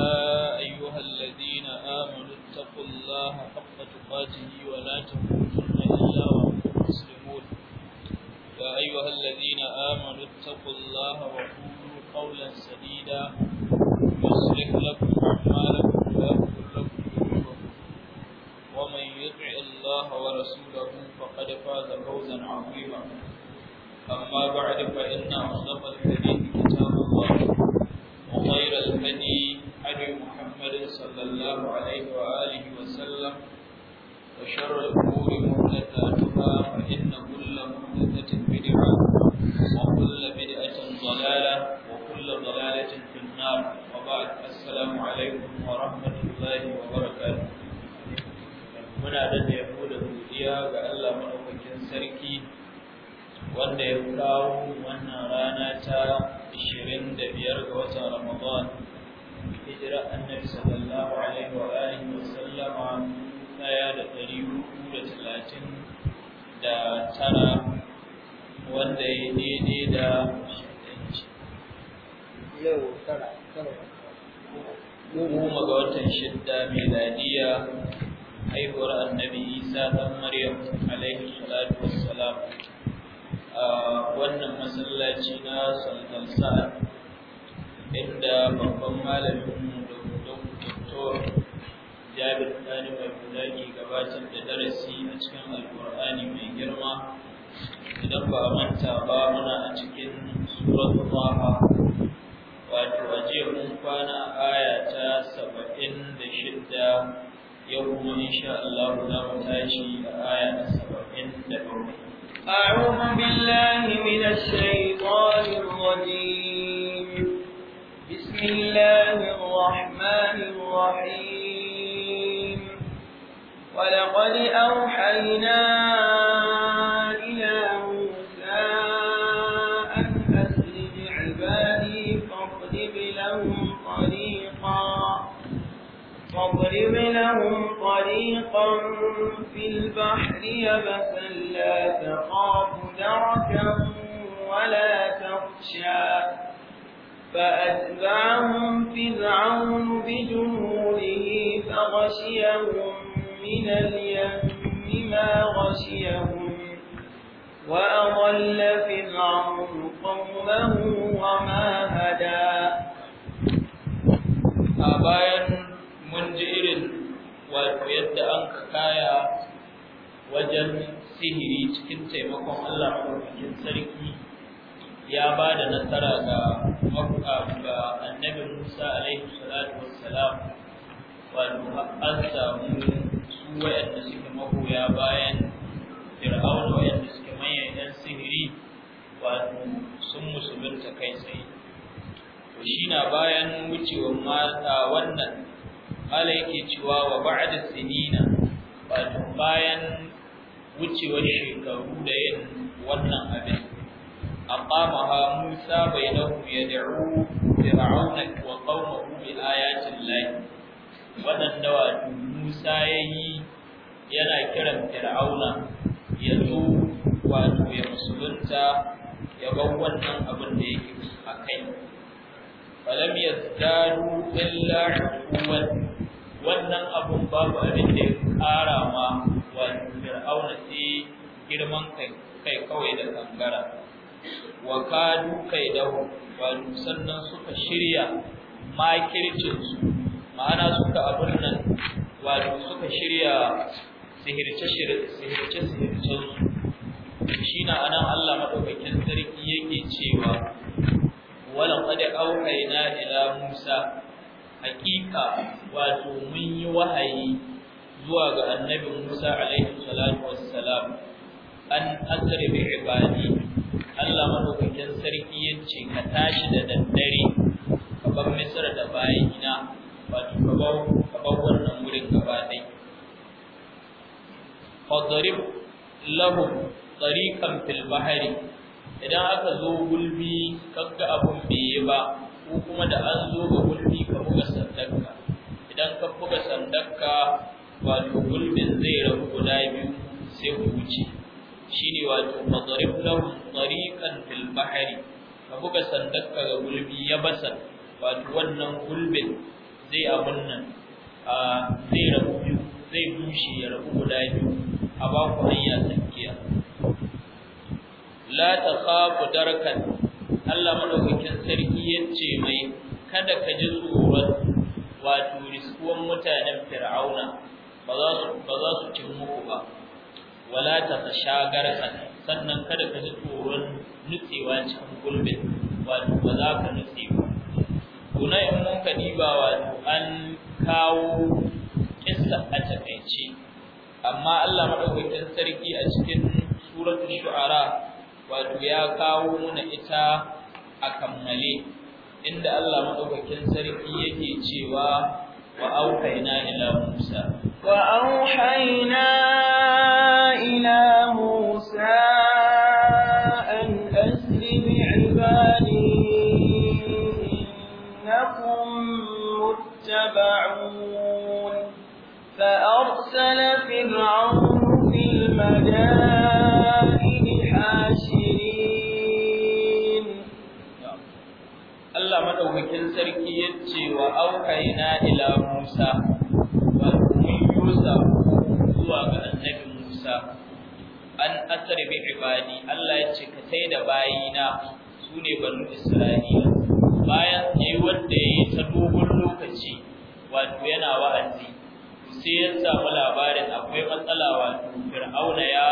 يا أيها الذين آمنوا اتقوا الله حق تقاته ولا تموتن إلا وأنتم مسلمون يا أيها الذين آمنوا اتقوا الله وقولوا قولا سديدا يصلح لكم أعمالكم ويغفر لكم ذنوبكم ومن يطع الله ورسوله فقد فاز فوزا عظيما أما بعد فإن أصدق الحديث كتاب الله وخير الهدي وشر الأمور محدثاتها goma ga watan shidda miladiya haihuwar annabi isa ɗan maryam alaihi salatu wassalam a wannan masallaci na sultan sa'ad inda babban malamin doktor jabir ɗani mai bulagi gabatar da darasi a cikin alkur'ani mai girma idan ba manta ba muna a cikin suratul taha wato waje mun kwana ayata aya ta saba'in da shidda yau kuma insha Allah za mu tashi a aya ta saba'in da bakwai. أعوذ بالله من الشيطان الرجيم بسم الله الرحمن الرحيم ولقد أوحيناك لهم طريقا في البحر يبسا لا تخاف دركا ولا تخشى فأتبعهم فرعون بجنوده فغشيهم من اليم ما غشيهم وأضل فرعون قومه وما هدى أبايا منجئر wato yadda an ka kaya wajen sihiri cikin taimakon Allah maɗaukakin sarki ya ba da nasara ga ga annabi Musa alaihi salatu wassalam wato an samu su waɗanda suke magoya bayan Fir'aun waɗanda suke manyan ɗan sihiri wato sun musulunta kai tsaye. shi na bayan wucewa mata wannan Allah yake cewa wa ba'da sinina wato bayan wucewar shekaru da yin wannan abin aqamaha Musa bainahum yad'u fir'auna wa qaumahu bi ayatin lahi wannan wato Musa yayi yana kiran fir'auna ya zo wato ya musulunta ya bar wannan abin da yake a kai falam yazdadu illa quwwatan wannan abun babu abin da ya ƙara ma wato fir'auna shi girman kai kawai da kangara wa kadu kai da wato sannan suka shirya makircin su ma'ana suka abun nan wato suka shirya sihirce sihirce sihirce shi na anan Allah madaukakin sarki yake cewa wala auka auhayna ila Musa hakika wato mun yi wahayi zuwa ga annabi Musa alaihi salatu wassalam an asri bi ibadi Allah madaukakin sarki yace ka tashi da daddare ka bar Misr da bayina wato ka bar ka bar wannan gurin gaba dai fadrib lahum tariqan fil bahri idan aka zo gulbi kaga abun bai yi ba ko kuma da an zo ga buga sandarka idan ka buga sandakka, wato gulbin zai rabu guda biyu sai ku wuce ne, wato madarib lahum tsarikan filbahari ka buga sandakka ga gulbi ya basa wato wannan gulbin zai abun nan a zai rabu biyu zai bushe ya rabu guda biyu a ba ku hanya tsakiya la kafu darkan Allah madaukakin sarki yace mai kada ka ji tsoron wato riskuwan mutanen fir'auna ba za su ba za su cin muku ba wala ta shagar sannan kada ka ji tsoron nutsewa cikin gulbin wato ba za ka nutse ba kuna in mun ka diba wato an kawo kissa a takaice amma Allah madaukakin sarki a cikin suratul shu'ara wato ya kawo mana ita a kammale inda Allah madaukakin sarki yake cewa wa auhayna ila Musa wa auhayna ila Musa an asri bi ibadi innakum muttaba'un fa arsala fir'aun fil madani sarki ya ce wa aukaina ila Musa wa Musa zuwa ga annabi Musa an asar bi ibadi Allah ya ce ka sai da bayina su sune banu Isra'ila bayan yayi wanda yayi ta dogon lokaci wato yana wa'azi sai ya samu labarin akwai matsala wato Fir'auna ya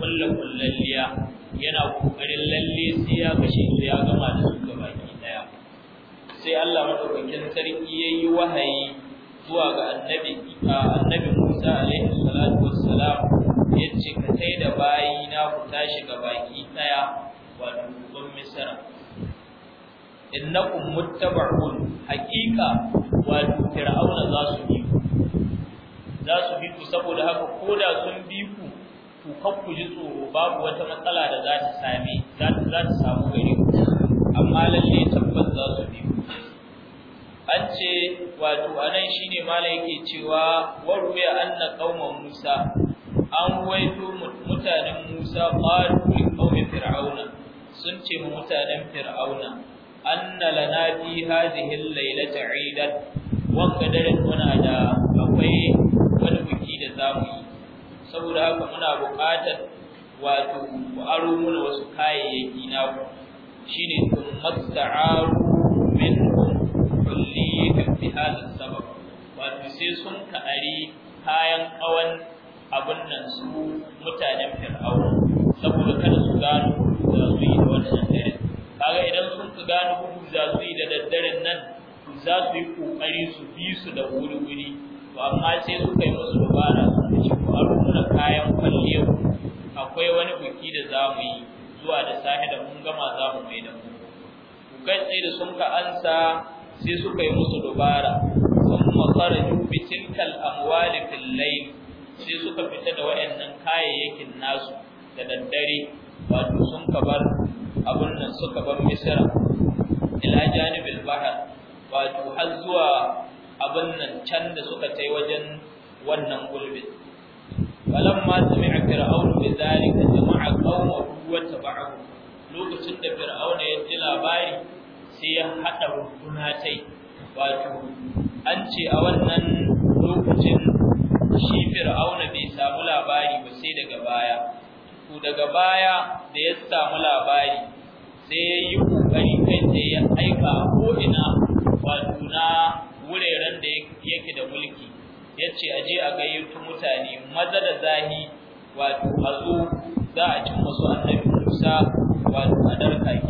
kullu kullalliya yana kokarin lalle sai ya kashe ya gama da su gaba sai Allah madaukakin sarki yayi wahayi zuwa ga annabi annabi Musa alaihi salatu wassalam yace ka sai da bayi na ku tashi ga baki daya wato kun misra innakum muttaba'un haqiqa wato fir'auna za su bi za su bi ku saboda haka ko da sun bi ku ku kakku ji tsoro babu wata matsala da za ta same za ta samu gare amma lalle tabbas za su an ce wato anan shine malai ke cewa warwe anna qauman Musa an waito mutanen Musa qalu li qaumi fir'auna sun ce mu mutanen fir'auna anna lana fi hadhihi al-lailati 'idan wa qadarat muna da akwai wani biki da zamu yi saboda haka muna buƙatar wato aro mana wasu kayayyaki na ku shine tun masta'aru hada sabab wato sai sun ka'ari kayan kawan abun nan su mutanen fir'auna saboda kada su gano da su yi da wannan dare kaga idan sun ka gano hudu za su yi da daddaren nan za su yi kokari su bi su da wuri wuri to amma sai suka yi musu dubara su ci ko a rubuta kayan kwalliya akwai wani buki da za mu yi zuwa da sahi da mun gama za mu mai da mu kai tsaye da sun ka ansa sai suka yi musu dubara kuma kharaju bi tilkal amwal fil layl sai suka fita da wayannan kayayyakin nasu da daddare wato sun kabar abun nan suka bar misra ila janibil bahr wato har zuwa abun nan can da suka tai wajen wannan gulbin falamma sami'a fir'aun bi zalika jama'a qawmahu wa tab'ahu lokacin da fir'auna ya ji labari sai ya haɗa rukuna tai wato an ce a wannan lokacin shi fir'auna bai samu labari ba sai daga baya to daga baya da ya samu labari sai ya yi kokari kai sai ya aika ko ina wato na wuraren da yake da mulki yace je a gayyato mutane maza da zahi wato a zo za a cin musu annabi Musa wato a darka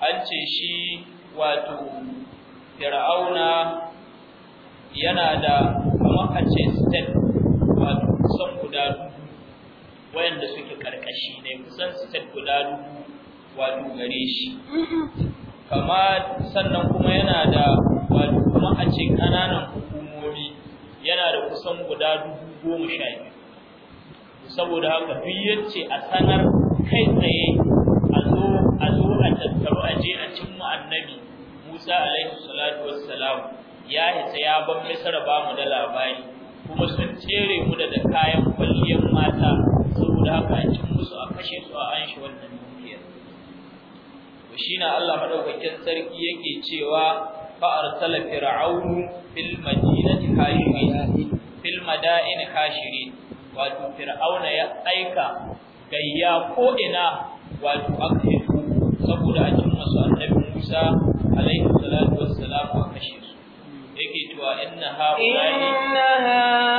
an ce shi wato fir'auna yana da kamar a ce step wato kusan guda dubu wayanda suke karkashi ne kusan step guda dubu wato gare shi kama sannan kuma yana da wato kuma a ce kananan hukumomi yana da kusan guda dubu goma sha biyu saboda haka duk yace a sanar kai tsaye tattaru a je a annabi Musa alaihi salatu wassalam ya isa ya bar Misr ba mu da labari kuma sun cere mu da kayan kwalliyar mata saboda haka a cin musu a kashe su a an shi wannan dukiyar to shine Allah madaukakin sarki yake cewa fa arsala fir'aunu fil madinati hashirin fil madain wato fir'auna ya aika gayya ko ina wato akai Musa alaihi salatu wassalam a kashe su yake cewa inna ha'ula'i inna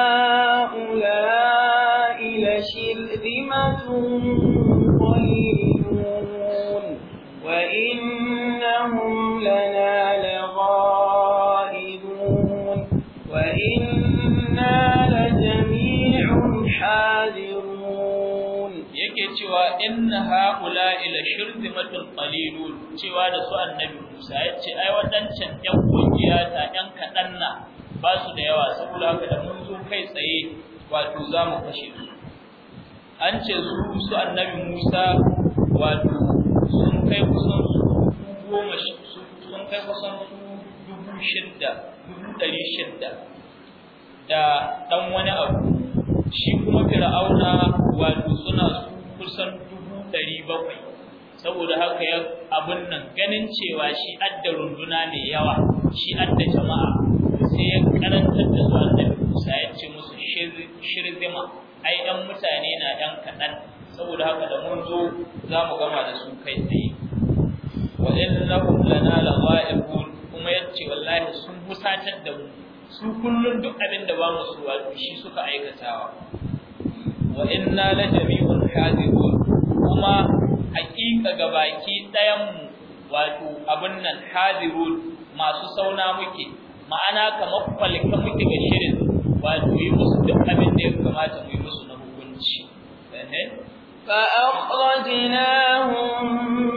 Musa ya ce ai wadancan ɗan kungiya ta ɗan kaɗan na ba su da yawa saboda haka da mun zo kai tsaye wato za mu kashe su an ce su su annabi Musa wato sun kai kusan su goma sun kai kusan su dubu shidda dubu ɗari shidda da ɗan wani abu shi kuma fir'auna wato suna su kusan dubu ɗari bakwai saboda haka ya abun nan ganin cewa shi adda runduna ne yawa shi adda jama'a sai ya karantar da su da Musa ya ce musu shirzima ai dan mutane na dan kadan saboda haka da mun zo za mu gama da su kai tsaye wa innahum lana la'ibun kuma yace wallahi sun busatar da mu su kullun duk abin da ba mu su so shi suka aikatawa wa inna la jami'un hadibun kuma haƙiƙa ga baki ɗayanmu wato abin nan hadirun masu sauna muke ma'ana kamar falka muke ga shirin wato yi musu duk abin da ya kamata mu yi musu na hukunci. فأخرجناهم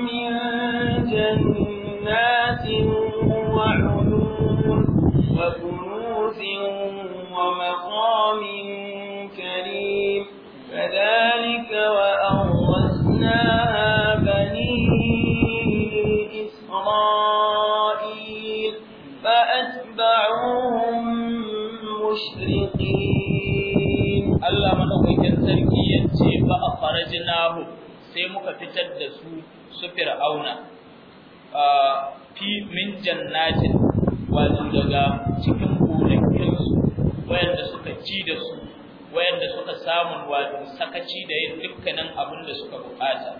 suka fitar da su su fir'auna fi min jannatin wato daga cikin gonakin su wayanda suka ci da su wayanda suka samu wato sakaci da yin dukkanin abin da suka bukata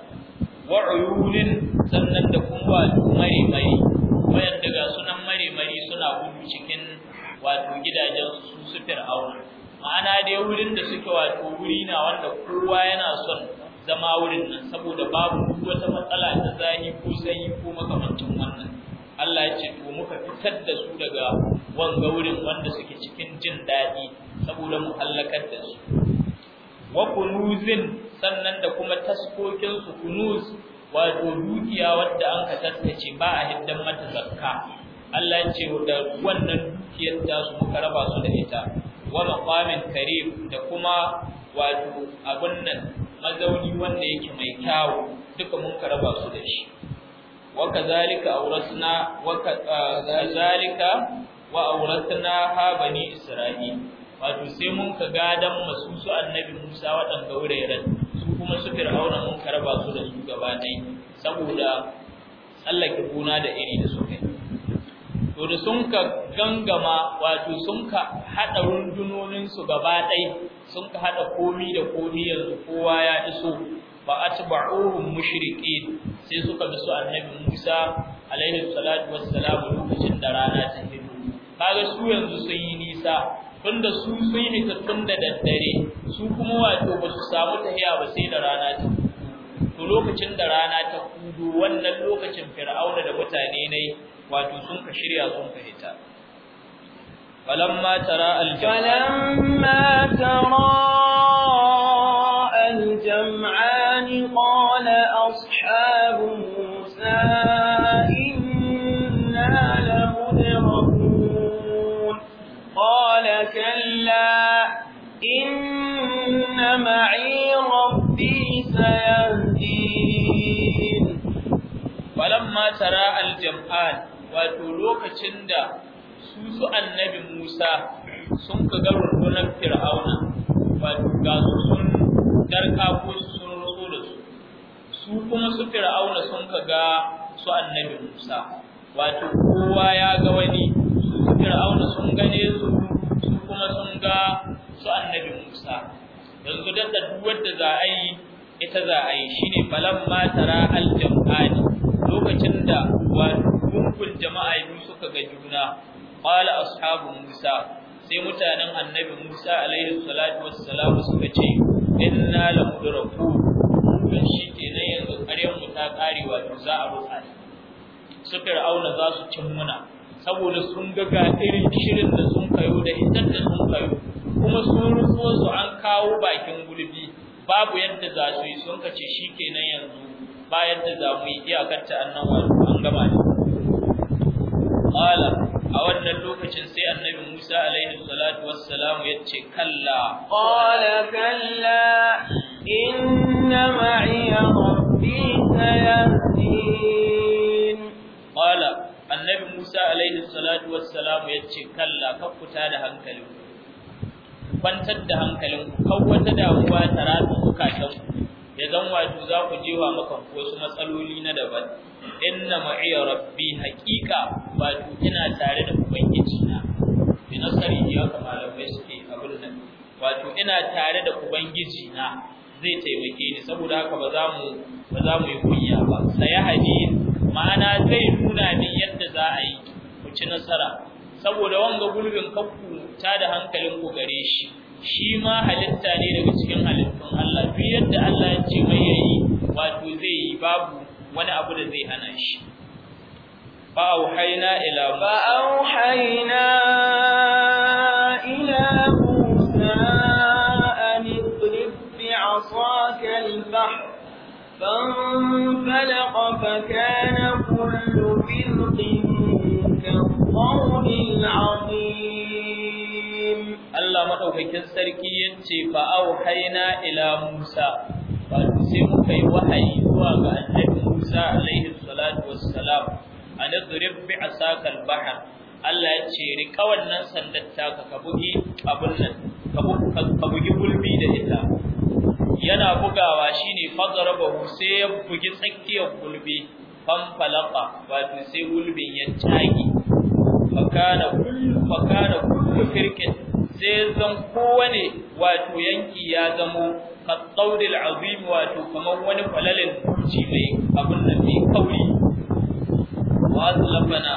wa uyulin sannan da kuma wato mai mai wayanda ga sunan mare mari suna gudu cikin wato gidajen su su fir'auna ma'ana dai wurin da suke wato wuri na wanda kowa yana son zama wurin nan saboda babu duk wata matsala ta zahi ko sanyi ko makamantan wannan Allah ya ce to muka fitar da su daga wanga wurin wanda suke cikin jin daɗi saboda mu halakar da su wa kunuzin sannan da kuma taskokin su kunuz wato dukiya wadda an ka tattace ba a hiddan mata zakka Allah ya ce da wannan dukiyar ta su muka raba su da ita wa maqamin karim da kuma wato abun nan mazauni wanda yake mai kyawu duka mun karaba su da shi wa kadhalika awrasna wa kadhalika wa awrasna ha bani isra'il wato sai mun ka gadan masu su annabi Musa waɗanda wuraren su kuma su fir'auna mun karaba su da su gaba ɗaya saboda tsallake kuna da iri da su kai to da sun ka gangama wato sun ka haɗa rundunoninsu gaba ɗai sun ka hada komi da komi yanzu kowa ya iso ba a ci ba'urun mushriki sai suka bi su annabi Musa alaihi salatu wassalam lokacin da rana ta hidu kaga su yanzu sun yi nisa tunda su sun yi ta tunda daddare su kuma wato ba su samu tafiya ba sai da rana ta to lokacin da rana ta kudu wannan lokacin fir'auna da mutane ne wato sun ka shirya sun ka hita فلما ترى الجمع فلما ترى الجمعان قال أصحاب موسى إنا لمدركون قال كلا إن معي ربي سيهدين فلما ترى الجمعان وتلوك شندا su annabi Musa sun ka ga rundunar Fir'auna ba ga su sun darka ko sun rutsu da su su kuma su Fir'auna sun ka ga su annabi Musa wato kowa ya ga wani su Fir'auna sun gane su su kuma sun ga su annabi Musa yanzu da duk wanda za a yi ita za a yi shine falamma tara al-jam'a qala ashabu musa sai mutanen annabi musa alaihi salatu wassalam suka ce inna la mudraku dan shi kenan yanzu kare mu ta kare wato za a rusa su fir'auna za su cin muna saboda sun ga ga irin shirin da sun kayo da idan da sun kayo kuma sun rufo su an kawo bakin gulbi babu yadda za su yi sun kace kenan yanzu bayan da za mu yi iyakar ta annan an gama ne qala a wannan lokacin sai annabi Musa alaihi salatu wassalam ya ce kalla qala kalla inna ma'i rabbi sayahdin qala annabi Musa alaihi salatu wassalam ya ce kalla ka fita da hankalin kwantar da hankalin Kau wata damuwa ta ratsa zukatan ya zan wato za ku jewa maka wasu matsaloli na daban inna ma'iya rabbi haqiqa ba tu ina tare da ubangiji na bi nasari ya malamai suke abin nan wato ina tare da ubangiji na zai taimake ni saboda haka ba za mu ba za mu yi kunya ba sai hadin ma'ana zai nuna min yadda za a yi mu ci nasara saboda wanga gulbin kanku ta da hankalin ku gare shi shi ma halitta ne daga cikin halittun Allah duk yadda Allah ya ce mai yayi wato zai yi babu wani abu da zai hana shi fa auhayna ila fa auhayna ila musa an idrib bi asaka al-bahr فانفلق فكان كل فرق كالطول العظيم الله مدوكين سركي ينتي فأوحينا إلى موسى فأنسي مكي وحي وغأن Musa alaihi salatu wassalam an idrib bi asaka bahr Allah ya ce rika wannan sandar taka ka bugi abun nan ka gulbi da ita yana bugawa shine fadarabahu sai ya bugi tsakiyar gulbi fanfalaqa wato sai gulbin ya tsage fakana kullu fakana kullu kirkin sai zan kowane wato yanki ya zamo qatawdil azim wato kamar wani falalin, kurci ne abin nan mai kauri wa aslafana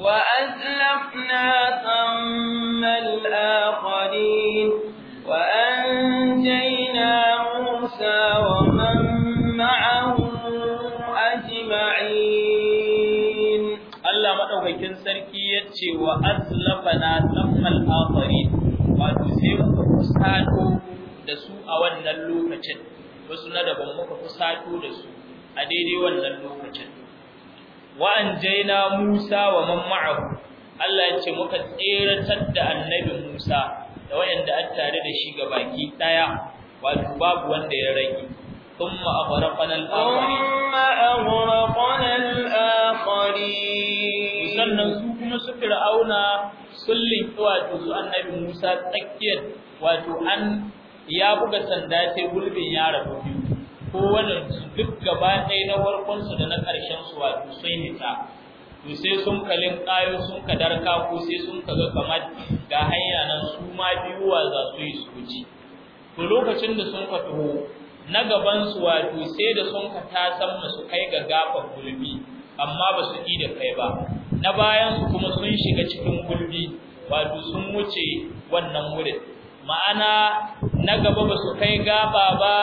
wa aslafna thamma al wa anjayna musa wa man ma'ahu ajma'in Allah madaukakin sarki yace wa aslafana thamma al-akharin wato sai muka kusato da su a wannan lokacin wasu na daban muka kusato da su a daidai wannan lokacin wa anjayna Musa wa man ma'ahu Allah ya ce muka tseratar da annabi Musa da wayanda an tare da shi ga baki daya wato babu wanda ya rage ثم أغرقنا الآخرين ثم أغرقنا الآخرين sannan su kuma su fir'auna sun linki wato su annabi Musa tsakiyar wato an ya buga sanda sai gulbin ya rabu biyu wannan duk gaba ɗaya na su da na ƙarshen su, wato sai nita to sai sun kalin ƙayo sun ka ko sai sun ka ga kamar ga hanya nan su ma biyu wa za su yi su to lokacin da sun ka taho na gabansu wato sai da sun ka san su kai ga gafar gulbi amma ba su yi da kai ba na bayansu kuma sun shiga cikin gulbi wato sun wuce wannan wurin ma'ana na gaba ba su kai gaba ba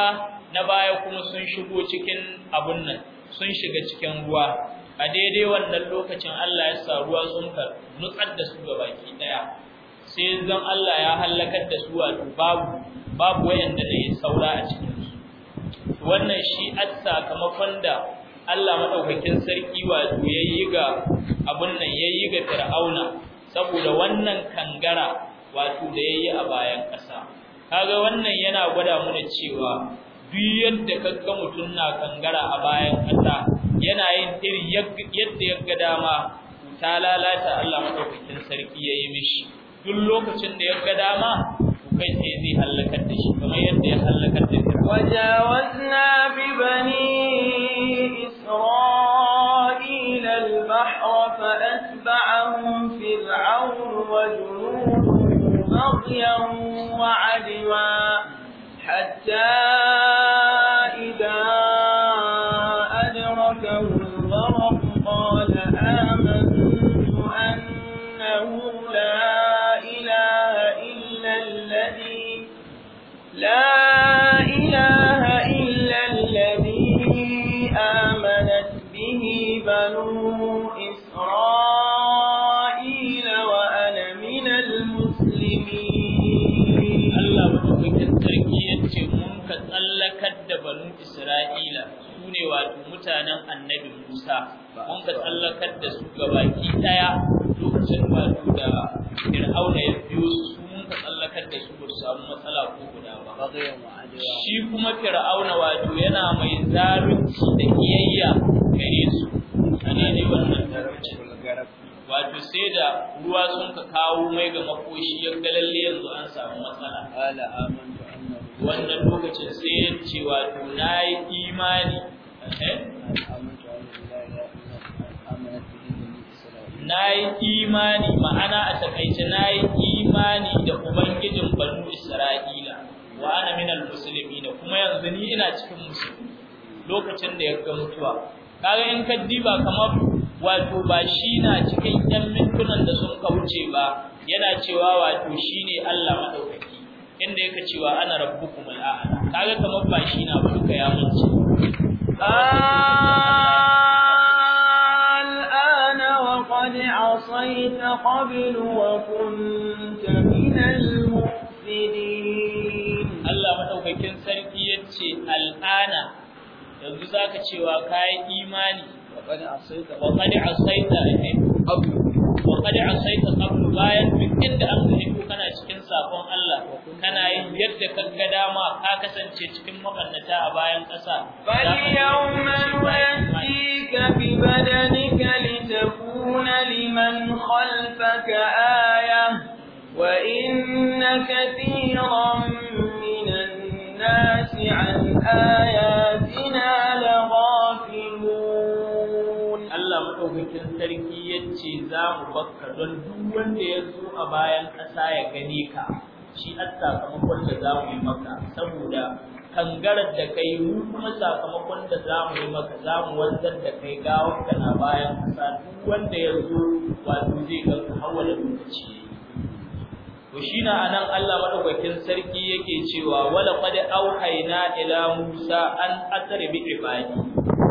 na baya kuma sun shigo cikin abun nan sun shiga cikin ruwa a daidai wannan lokacin Allah ya sa ruwa sun nutsar da su baki daya sai zan Allah ya halakar da su wato babu babu wayanda ne saura a cikin su wannan shi atsa sakamakon da Allah madaukakin sarki wato yayi ga abun nan yayi ga Fir'auna saboda wannan kangara wato da yayi a bayan ƙasa kaga wannan yana gwada mana cewa duk yadda ga mutun na kangara a bayan ƙasa yana yin iri yadda ya ga dama ta lalata Allah madaukakin sarki yayi mishi duk lokacin da ya ga dama kai sai zai halakar da shi kamar yadda ya halakar da shi wajawazna bi bani isra'ila al-bahr fa atba'ahum fir'aun wa بغيا وعدوا حتى إذا أدركه الغرق قال آمنت أنه لا إله إلا الذي لا إله إلا الذي آمنت به بنو إسرائيل wancan batu da fir'auna ya biyo su mun ka tsallakar da su ba su samu matsala ko guda ba shi kuma fir'auna wato yana mai zalunci da kiyayya gare su ana ne wannan wato sai da ruwa sun ka kawo mai ga makoshi ya galalle yanzu an samu matsala ala amantu wannan lokacin sai ya ce wato nayi imani eh? nayi imani ma'ana a takaice nayi imani da ubangijin banu isra'ila wa ana minal kuma yanzu ni ina cikin musulmi lokacin da ya ga mutuwa kaga in ka diba kamar wato ba shi na cikin yan mintunan da sun kauce ba yana cewa wato shine Allah madaukaki inda yake cewa ana rabbukumul a'la kaga kamar ba shi na ba ya ah! ذلك قبل وكنت من المفسدين الله مدوكاكين سركي يتشي الآن yanzu zaka cewa kai imani wa qad wa qad asaita qabl asaita eh, eh. qabl bayan duk inda an ko kana sakon Allah kana yin yadda kaga dama ka kasance cikin mabannata a bayan ƙasa. آياتنا لغافلون الله مدوكين سركي yace za mu bakka don duk wanda ya zo a bayan ƙasa ya gane ka shi a sakamakon da za mu yi maka saboda kangarar da kai mu kuma sakamakon da za mu yi maka za mu wanzar da kai gawar kana bayan ƙasa duk wanda ya zo wato zai ga hawa da to anan Allah madaukakin sarki yake cewa wala qad auhayna ila Musa an asri bi ibadi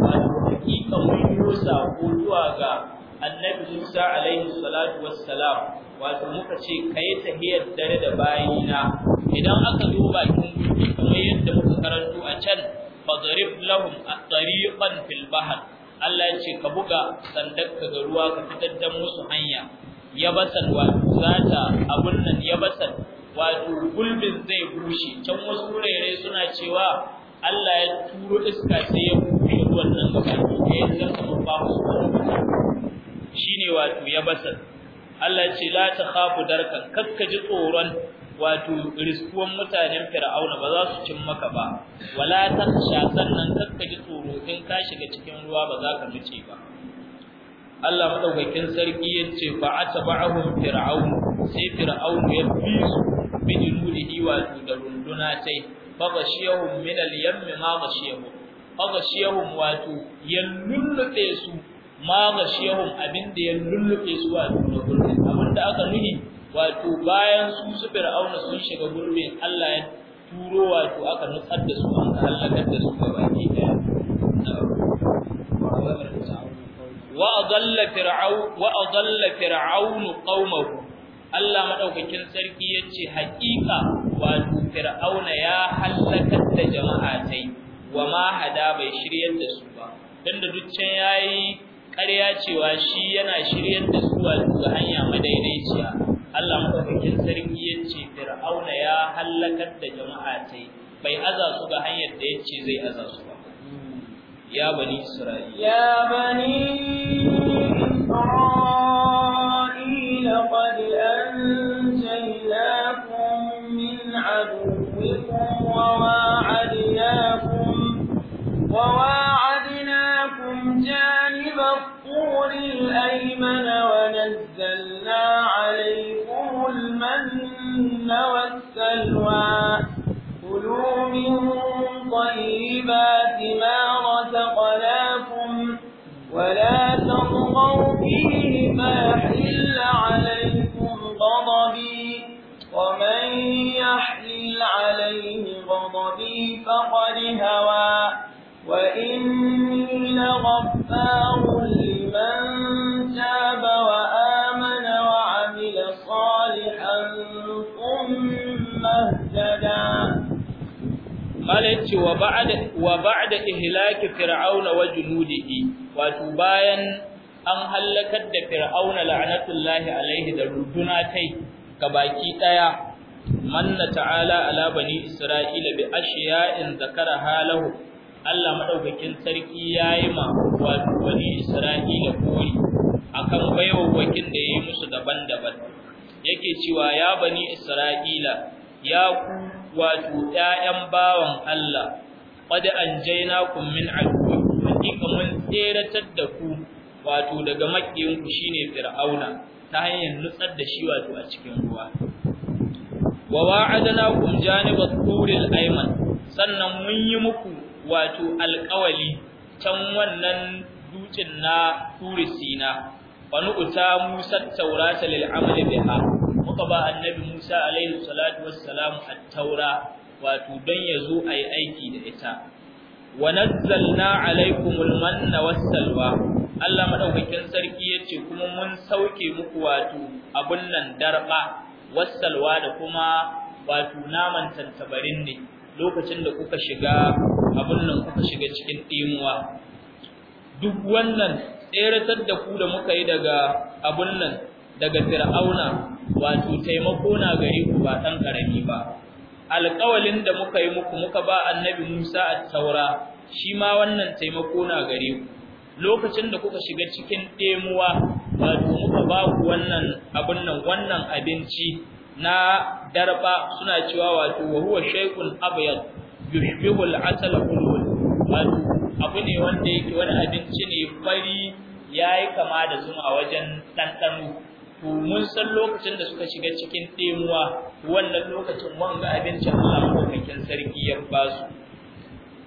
wato Musa ko zuwa ga Annabi Musa alaihi salatu wassalam wato muka ce kai tahiyar dare da bayina idan aka zo bakin kamar yadda muka karanto a can fadrib lahum at-tariqan fil bahr Allah ya ce ka buga ka ga ruwa ka fitar da musu hanya Ya basar wato zata abun nan ya basar wato gulbin zai bushe can wasu wurare suna cewa Allah ya turo iska sai ya bushe wannan nan gaba ɗaya zan kuma ba mu shine wato ya basar Allah ce la ta khafu darkan kakka ji tsoron wato riskuwan mutanen Fir'auna ba za su cin maka ba wala ta sannan kakka ji tsoro in ka shiga cikin ruwa ba za ka mace ba Allah madaukakin sarki ya yace fa atba'ahum fir'aun sai fir'aun ya bi su bi rulihi wa da runduna tai fa bashiyahum min al-yamm ma bashiyahum fa bashiyahum wato yallulube su ma bashiyahum abinda yallulube su wato da gurbin da aka nuhi wato bayan su su fir'aun sun shiga gurbin Allah ya turo wato aka nutsar da su an halakar da su gaba ki daya وأضل فرعون وأضل فرعون Allah madaukakin sarki yace haƙiƙa wa fir'auna ya halakar da jama'a sai ma hada bai shiryar da su ba dan da duccen yayi ƙarya cewa shi yana shiryar da su a hanya madaidaiciya Allah madaukakin sarki yace fir'auna ya halakar da jama'a sai bai aza su ga hanyar da yace zai aza su ba يا بني إسرائيل يا بني إسرائيل قد أنجيناكم من عدوكم وواعدناكم وواعدناكم جانب الطور الأيمن ونزلنا عليكم المن والسلوى كلوا من طيبات ما رزقناكم ولا تطغوا فيه فيحل عليكم غضبي ومن يحلل عليه غضبي فقد هوى وإني لغفار لمن تاب وعلى mala yace wa ba'da wa ba'da ihlak fir'auna wa junudihi wato bayan an halakar da fir'auna la'natullahi alaihi da runduna tai gabaki daya manna ta'ala ala bani isra'ila bi ashiya'in zakara halahu Allah madaukakin sarki yayi ma wato bani isra'ila koyi, akan bayawwakin da yayi musu daban-daban yake cewa ya bani isra'ila ya ku wato ƴaƴan bawan Allah qad anjaynakum min adwa hakika mun tseratar da ku wato daga makiyin ku shine fir'auna ta hanyar nutsar da shi wato a cikin ruwa wa wa'adnakum janibat al ayman sannan mun yi muku wato alƙawali can wannan dutsen na turisina wani uta musar taurata lil'amali biha muka ba annabi Musa alaihi salatu wassalam at-taura wato dan yazo ayi aiki da ita wa nazzalna alaikumul manna wassalwa Allah madaukakin sarki yace kuma mun sauke muku wato abun nan darba wassalwa da kuma wato naman tantabarin ne lokacin da kuka shiga abun nan kuka shiga cikin dimuwa duk wannan tseratar da ku da muka yi daga abun nan daga fir'auna wato taimako na gare ku ba dan karami ba alƙawalin da muka yi muku muka ba annabi Musa at-Taura shi ma wannan taimako na gare ku lokacin da kuka shiga cikin demuwa wato muka ba ku wannan abin nan wannan abinci na darba suna cewa wato wa huwa shaykhun abyad yushbihu al-asal kullu wato abu ne wanda yake wani abinci ne fari yayi kama da zuma wajen ɗanɗano mun san lokacin da suka shiga cikin ɗemuwa wannan lokacin wanga abincin Allah kakin sarki ya ba su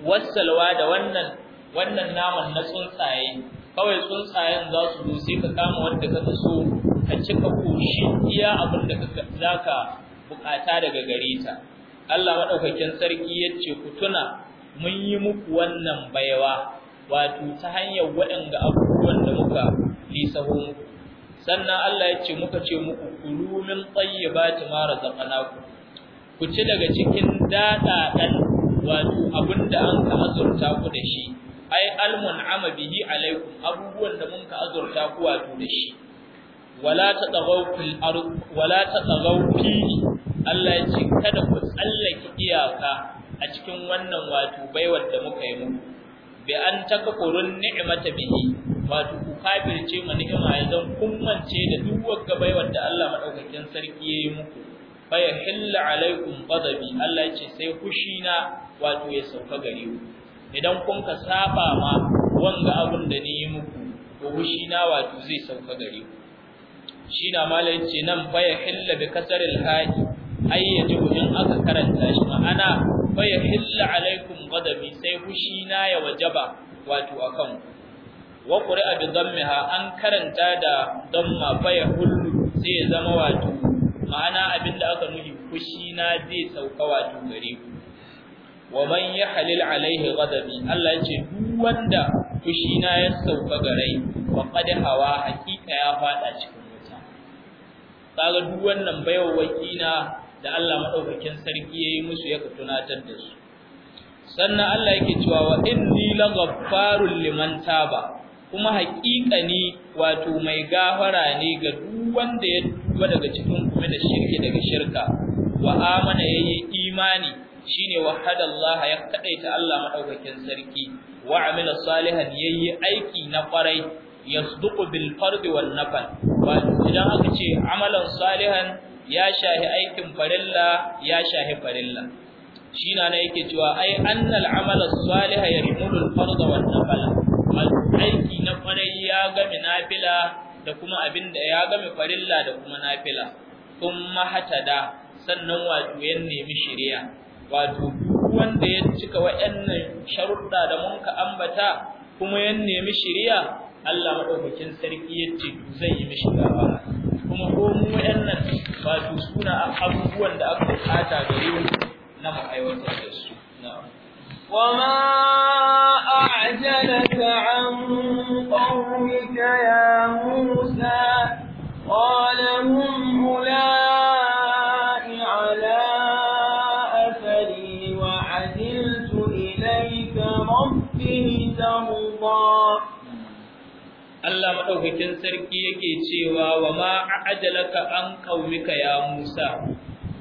wassalwa da wannan wannan naman na tsuntsaye kawai tsuntsayen za su zo sai ka kama wanda ka so ka cika koshi iya abin da za zaka bukata daga gare ta Allah madaukakin sarki ya ku tuna mun yi muku wannan baiwa wato ta hanyar waɗanda abubuwan da muka lisa muku sannan Allah ya ce muka ce muku kulu min tayyibati ma razaqnakum ku ci daga cikin dadadan wato abinda an ka azurta ku da shi ai almun'ama bihi alaikum abubuwan da mun ka azurta ku wato da shi wala tadaghaw fil ard wala fi Allah ya ce kada ku tsallake iyaka a cikin wannan wato baiwar da muka yi muku bi an takfurun ni'mata bihi wato ku kafirce ma ni'ima idan kun mance da duk wagga bai wanda Allah madaukakin sarki yayi muku fa hilla alaikum qadabi Allah yace sai na, wato ya sauka gare ku idan kun ka saba ma wanga abun da ni yi muku to na wato zai sauka gare ku Shi na malai yace nan fa hilla bi kasaril haji ai ji in aka karanta shi ma'ana fa hilla alaikum qadabi sai na ya wajaba wato akan ku wa qur'a bi dammiha an karanta da damma fa yahullu sai ya zama wato ma'ana abin da aka nuhi fushi na zai sauka wato gare ku wa man yahlil alaihi ghadabi Allah yace duk wanda fushi na ya sauka gare wa qad hawa hakika ya fada cikin wuta kaga duk wannan bayawaki wakina da Allah madaukakin sarki yayi musu ya tunatar da su sannan Allah yake cewa wa inni ghaffarul liman taba kuma haƙiƙani wato mai gafara ne ga duk wanda ya tuba daga cikin kuma da shirki daga shirka wa amana yayi imani shine wahada Allah ya kadaita Allah madaukakin sarki wa amila salihan yayi aiki na kwarai yasduqu bil fardi wal nafal wato idan aka ce amalan salihan ya shahi aikin farilla ya shahi farilla shine ne yake cewa ai annal amala salih yarmulu al farda wal nafal aiki kwarai ya game nafila da kuma abin da ya game farilla da kuma nafila kun mahatada sannan wato ya nemi shari'a wato duk wanda ya cika wa'annan sharuɗa da mun ka ambata kuma ya nemi shari'a Allah madaukakin sarki ya yace zai yi mishi gaba kuma ko mu wa'annan wato suna abubuwan da aka bukata gare mu na mu aiwatar da su na'am وما أعجلك عن قومك يا موسى قال هم أولئك على أثري وعدلت إليك رب لترضى Allah maɗaukakin sarki yake cewa wa ma ajalaka an qaumika ya Musa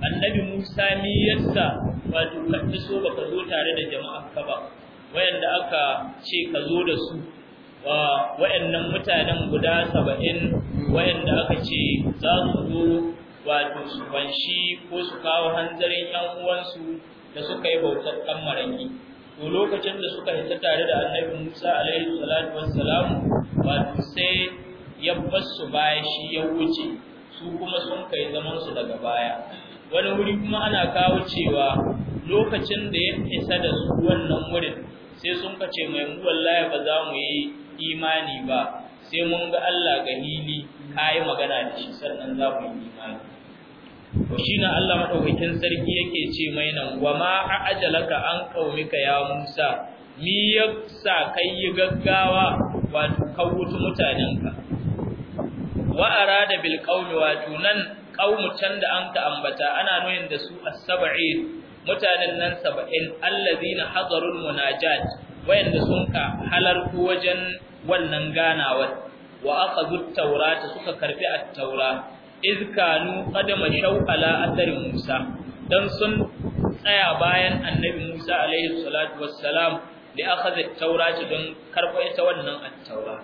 annabi Musa miyarsa wato kan so baka zo tare da jama'ar ka ba wayanda aka ce ka zo da su wa'annan mutanen guda saba'in wa'anda aka ce za su zo wato su banshi ko su kawo hanzarin yan uwansu da suka yi bautar ɗan maraƙi to lokacin da suka hita tare da annabi musa alaihi salatu wassalam wato sai ya basu baya shi ya wuce su kuma sun kai zaman su daga baya wani wuri kuma ana kawo cewa lokacin da ya isa da su wannan wurin sai sun kace mai mu wallahi ba za mu yi imani ba sai mun ga Allah ga hili kai magana da shi sannan za mu yi imani to shine Allah madaukakin sarki yake ce mai nan wa ma ajalaka an kaumika ya Musa mi ya kai yi gaggawa wato kawutu mutanenka wa arada bil qawmi wato nan qawmu can da an ka ambata ana nuyin da su as sab'i mutanen nan 70 alladhina hadarul munajat wayanda sun ka ku wajen wannan ganawar wa akhadhu at-taurata suka karfi at-taura iz kanu qadama shawqala Musa don sun tsaya bayan annabi Musa alaihi salatu wassalam da akhadha at-taurata don ita wannan at-taura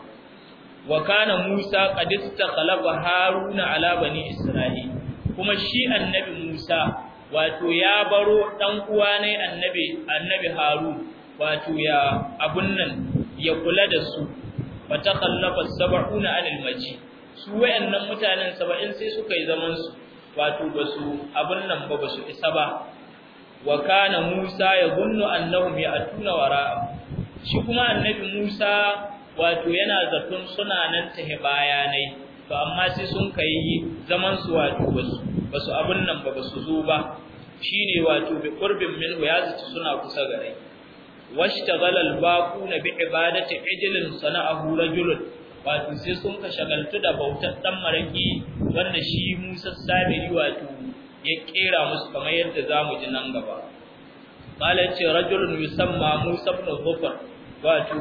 wa kana Musa qad istakhlafa Haruna ala bani Isra'il kuma shi annabi Musa wato ya baro dan uwa ne annabi annabi Harun wato ya abun nan ya kula da su fatakhallafa sab'una 'anil maji su wayannan mutanen 70 sai suka yi zaman su wato su abun nan ba su isa ba wa kana Musa yadhunnu annahum ya'tuna wara'a shi kuma annabi Musa wato yana zaton suna nan ta bayanai to amma sai sun kai zaman su wato basu su abun nan ba su zo ba shine wato bi qurbin minhu ya suna kusa gare washtaghala al na bi ibadati ijlin sana'ahu rajulun wato sai sun ka shagaltu da bautar dan maraki wanda shi Musa Sabiri wato ya kera musu kamar yadda zamu ji nan gaba qala ce rajulun yusamma Musa ibn Zufar wato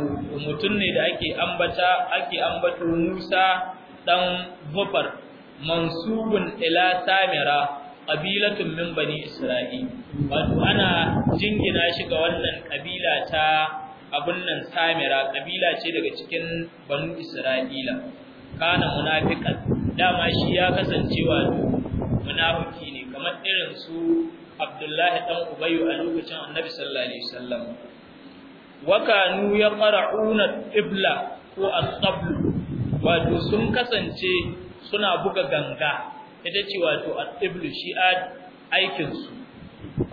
mutum ne da ake ambata ake ambato Musa dan Zufar mansubun ila Samira qabilatun min bani isra'il wato ana jingina shi ga wannan kabila ta abun nan samira kabila ce daga cikin banu isra'ila kana munafiqan dama shi ya kasance wato munafiki ne kamar irin su Abdullahi dan Ubayyu a lokacin Annabi sallallahu alaihi wasallam wa kanu yaqra'una ibla ko al wato sun kasance suna buga ganga ita ce wato at-tiblu shi'at aikin su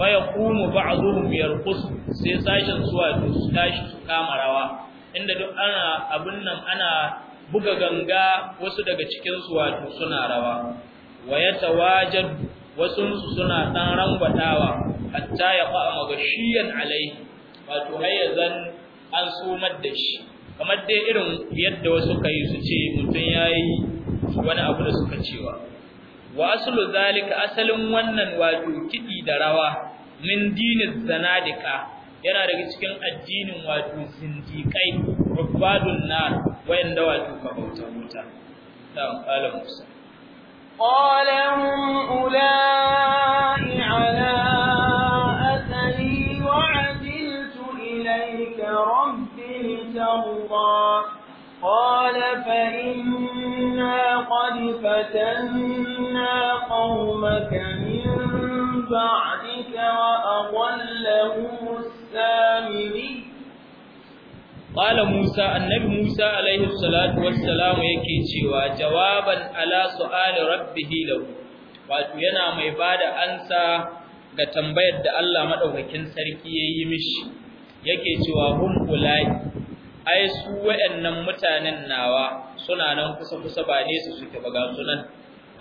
fa yaqumu ba'dhum yarqus sai sashen su wato su tashi su kama rawa inda duk ana abun nan ana buga ganga wasu daga cikin wato suna rawa wa yatawajad wasu suna dan rangwatawa hatta ya fa magashiyan alai wato hayyazan an sumar da shi kamar dai irin yadda wasu kai su ce mutun yayi wani abu da suka cewa wa aslu zalika asalin wannan wato kidi da rawa min dinin zanadika yana daga cikin addinin wato zindikai rubadun nar wayanda wato kabauta wuta ta qala musa qalam ulai ala wa ilayka rabbi tarda qala fa إنا قد فتنا قومك من بعدك وأضلهم السامري قال موسى النبي موسى عليه الصلاة والسلام yake cewa jawaban ala su'al rabbih lahu wato yana mai ba da ansa ga tambayar da Allah maɗaukakin sarki yayi mishi yake cewa hum ulai ai su wayannan mutanen nawa suna nan kusa kusa ba ne su suke ba ga sunan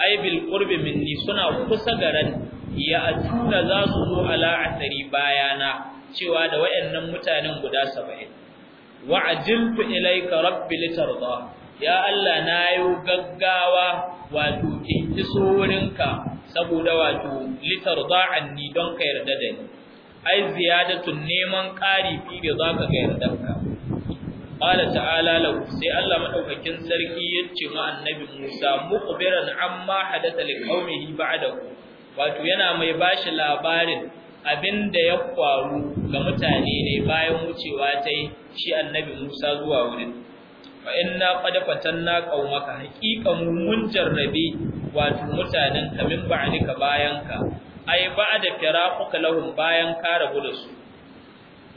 ai bil qurbi minni suna kusa garan ya atuna za su zo ala atari bayana cewa da wayannan mutanen guda 70 ajiltu ilayka rabbi litarda ya Allah nayo gaggawa wato in iso wurinka saboda wato litarda anni don ka yarda da ni ai ziyadatu neman ƙari fi da zaka ga yardanka qala ta'ala law sai Allah madaukakin sarki yace ma annabi Musa muqbiran amma hadatha liqaumihi ba'dahu wato yana mai bashi labarin abin da ya faru ga mutane ne bayan wucewa tai shi annabi Musa zuwa wurin fa inna qad fatanna qaumaka haqiqan mun jarrabi wato mutanen kamin ba'alika bayanka ai ba'da firaquka lahum bayan ka rabu da su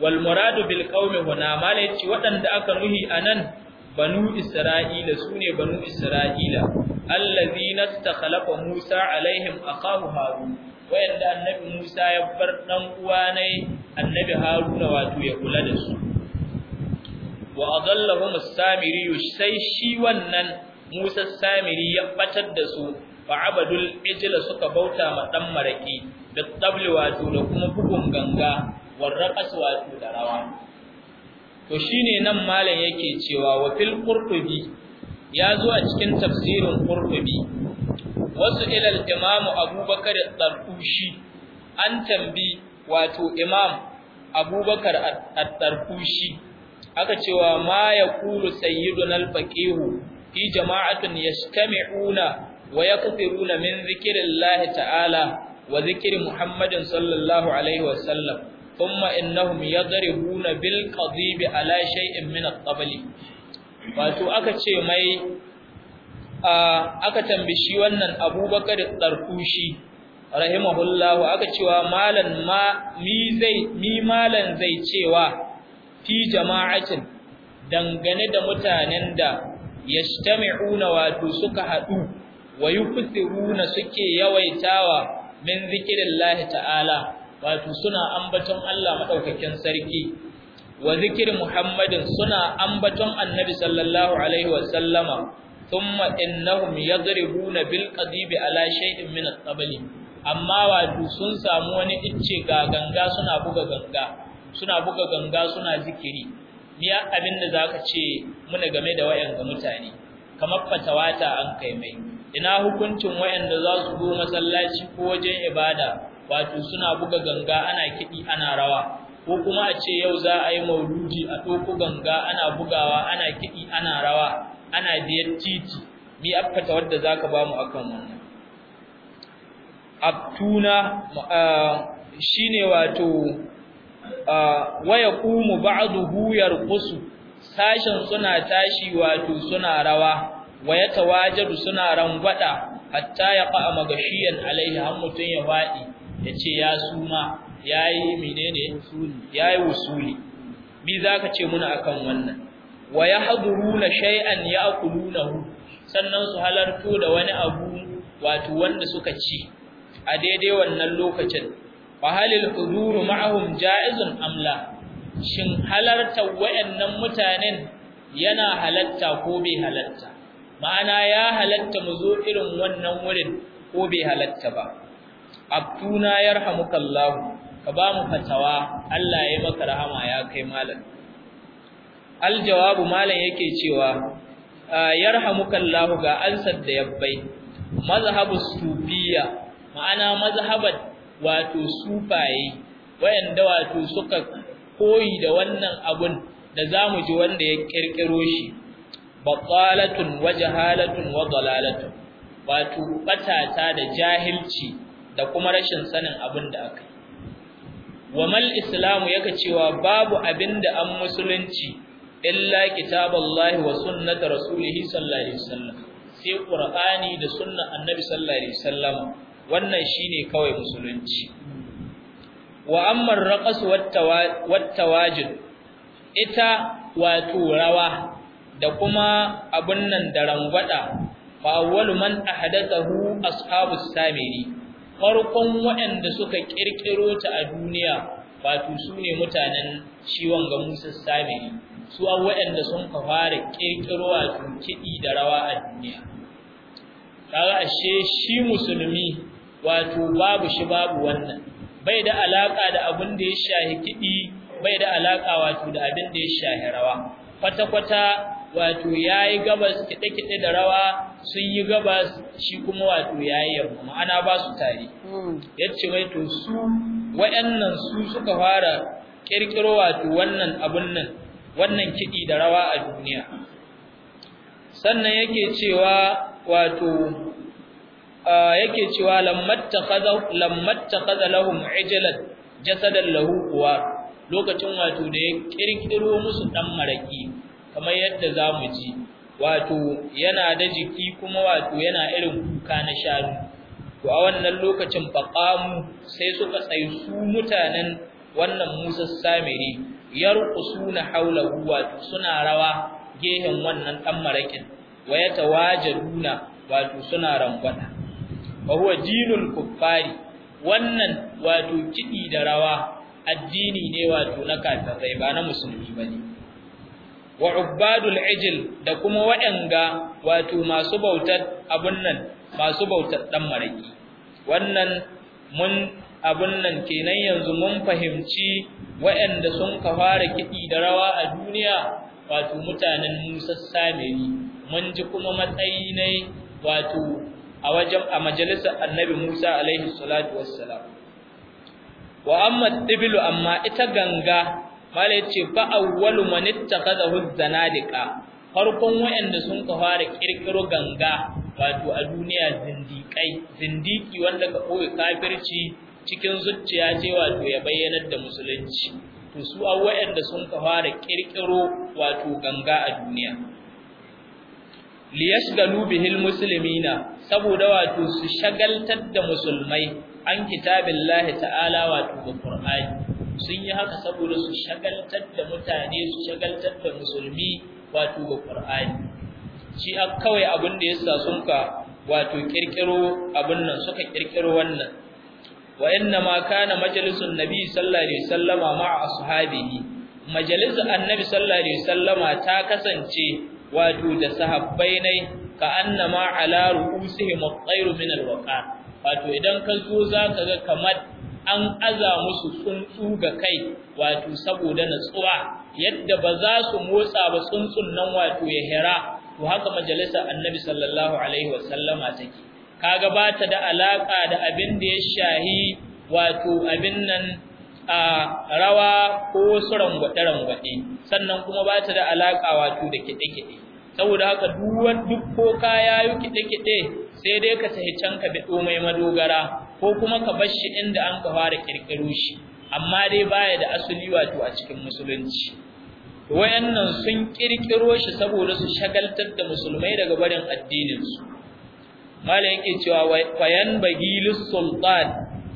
wal muradu bil qaumi huna malai waɗanda aka nuhi anan banu isra'ila sune banu isra'ila allazina takhalafa musa alaihim akahu harun wayanda annabi musa ya bar dan uwa annabi haruna wato ya kula da su wa adallahum as-samiri sai shi wannan musa samiri ya batar da su fa abadul ijla suka bauta ma dan maraki da tabli wato da kuma bugun ganga warraqas wato da rawa to shine nan malam yake cewa wa fil qurtubi ya zo a cikin tafsirin qurtubi wasu ila al imam abubakar al an tambi wato imam abubakar al-tarqushi aka cewa ma yaqulu sayyiduna al-faqih fi jama'atin yastami'una wa yaqfiruna min dhikrillahi ta'ala wa dhikri muhammadin sallallahu alaihi sallam. thumma innahum yadribuna bil qadibi ala shay'in min wato aka ce mai aka wannan Abubakar Tsarkushi rahimahullahu aka cewa malan ma mi zai mi malan zai cewa fi jama'atin dangane da mutanen da yastami'una wato suka hadu wa yufsiruna suke yawaitawa min zikirillahi ta'ala wato suna ambaton Allah madaukakin sarki wa zikir Muhammadin suna ambaton Annabi sallallahu alaihi wa sallama thumma innahum yadribuna bil qadibi ala shay'in min at-tabli amma wato sun samu wani icce ga ganga suna buga ganga suna buga ganga suna zikiri miya abin da zaka ce muna game da wayan ga mutane kamar fatawata an kai mai ina hukuncin wayanda za su go masallaci ko wajen ibada wato suna buga ganga ana kiɗi ana rawa ko kuma a ce yau za a yi mauludi a ɗauko ganga ana bugawa ana kiɗi ana rawa ana biyar titi mi afkata wadda za ba mu akan wannan abtuna shi ne wato waya yaqumu ba'duhu yarqusu sashen suna tashi wato suna rawa wa yatawajadu suna rangwada hatta ya fa'a magashiyan alaihi har ya fadi yace ya suma yayi menene usuli yayi usuli me zaka ce muna akan wannan wa yahduruna shay'an ya'kulunahu sannan su halarto da wani abu wato wanda suka ci a daidai wannan lokacin fa halil huduru ma'ahum ja'izun amla shin halarta wayannan mutanen yana halatta ko bai halatta ma'ana ya halatta mu zo irin wannan wurin ko bai halatta ba abtuna yarhamukallahu ka ba mu fatawa Allah ya maka rahama ya kai malam Aljawabu malam yake cewa yarhamukallahu ga ansar da yabbai mazhabu sufiya ma'ana mazhabat wato sufaye wayanda wato suka koyi da wannan abun da zamu ji wanda ya kirkiro shi batalatun wa jahalatun wa dalalatun wato batata da jahilci da kuma rashin sanin abin da aka yi wa mal islamu yaka cewa babu abin da an musulunci illa kitaballahi wa sunnata rasulihi sallallahu alaihi wasallam sai qur'ani da sunnan annabi sallallahu alaihi wasallam wannan shine kawai musulunci wa amma raqas wa tawajjud ita wato rawa da kuma abun nan da rangwada fa awwalu man ahdathahu ashabus samiri farkon waɗanda suka ƙirƙiro ta a duniya wato su ne mutanen ciwon ga Musa Sabiri su an waɗanda sun fara kirkiro wato kiɗi da rawa a duniya kaga ashe shi musulmi wato babu shi babu wannan bai da alaka da abin da ya shahi kiɗi bai da alaka wato da abin da ya shahi rawa kwata-kwata wato yayi gabas kide-kide da rawa sun yi gabas shi kuma wato yayi yamma ma'ana ba su tare hmm. yace mai to su wayannan su suka fara kirkiro wato wannan abun nan wannan kidi da rawa a duniya sannan yake cewa wato yake cewa lammattakhadha lammattakhadha lahum ijlan jasadan lahu kuwa lokacin wato da ya kirkiro musu dan maraki kamar yadda za mu ji wato yana da jiki kuma wato yana irin kuka na shanu to a wannan lokacin faqamu sai suka tsayi su mutanen wannan Musa Samiri yarqusuna haula wato suna rawa gehen wannan dan marakin waya tawajaduna wato suna rangwada wa huwa dinul kuffari wannan wato kiɗi da rawa addini ne wato na kafirai ba na musulmi bane wa ubbadul ijil da kuma waɗanga wato masu bautar abun nan masu bautar dan maraki wannan mun abun nan kenan yanzu mun fahimci waɗanda sun ka fara kiɗi da rawa a duniya wato mutanen Musa Samiri mun ji kuma matsayi ne wato a wajen a majalisar Annabi Musa alaihi salatu wassalam wa amma tibilu amma ita ganga Malai ce fa awwalu man ittakhadahu zanadika farkon wayanda sun ka fara kirkiro ganga wato a duniya zindikai zindiki wanda ka koyi kafirci cikin zuciya ce wato ya bayyanar da musulunci to su a wayanda sun ka fara kirkiro wato ganga a duniya liyashgalu bihil muslimina saboda wato su shagaltar da musulmai an kitabillahi ta'ala wato da qur'ani sun yi haka saboda su shagaltar da mutane su shagaltar da musulmi wato ga Qur'ani shi a kawai abin da yasa sun ka wato kirkiro abin nan suka kirkiro wannan wa inna ma kana majalisun nabi sallallahu alaihi wasallama ma'a ashabihi majalisun annabi sallallahu alaihi wasallama ta kasance wato da sahabbai ne ka annama ala ru'usihim at-tayr min al-waqa wato idan ka zo zaka ga kamar an aza musu tsuntsu ga kai wato saboda natsuwa yadda ba za su motsa ba tsuntsun nan wato ya hira to haka majalisar annabi sallallahu alaihi wa sallama take kaga ba ta da alaka da abin da ya shahi wato abin nan a rawa ko wasu rangwaɗe-rangwaɗe sannan kuma ba ta da alaka wato da kiɗe-kiɗe saboda haka duwan duk ko kaya yi kiɗe-kiɗe sai dai ka sahi can ka biɗo mai madogara ko kuma ka bar shi inda an ka fara kirkiro shi amma dai baya da asali wato a cikin musulunci wayannan sun kirkiro shi saboda su shagaltar da musulmai daga barin addinin su malai yake cewa fayan bagilus sultan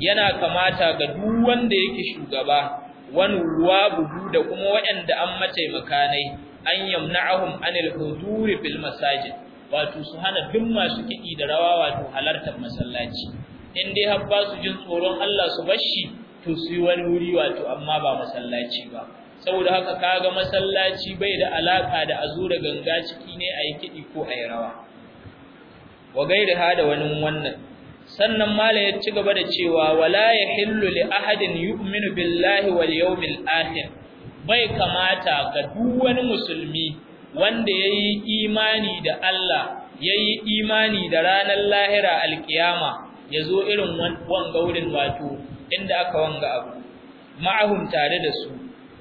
yana kamata ga duk wanda yake shugaba wani ruwa buhu da kuma waɗanda an mataimaka nai an yamna'ahum anil huduri bil masajid wato su hana duk masu kiɗi da rawa wato halartar masallaci in dai har ba su jin tsoron Allah su bashi to su yi wani wuri wato amma ba masallaci ba saboda haka kaga masallaci bai da alaka da azura ganga ciki ne ayi kidi ko ayi rawa wa gairi da wani wannan sannan mala ya ci gaba da cewa wala ya li ahadin yu'minu billahi wal yawmil akhir bai kamata ga duk wani musulmi wanda yayi imani da Allah yayi imani da ranar lahira alkiyama ya zo irin wanga wurin wato inda aka wanga abu ma'ahum tare da su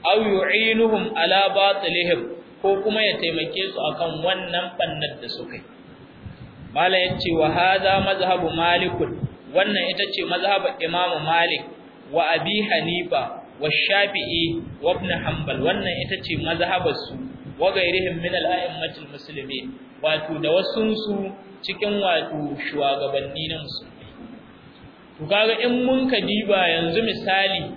aw yu'inuhum ala batilihim ko kuma ya taimake su akan wannan bannar da suka yi mala yace wa hadha mazhabu malik wannan ita ce mazhabar imam malik wa abi hanifa wa shafi'i wa ibn hanbal wannan ita ce mazhabar su wa gairihim min al-a'immatil muslimin wato da wasun su cikin wato shugabanni na musulmi to kaga in mun ka diba yanzu misali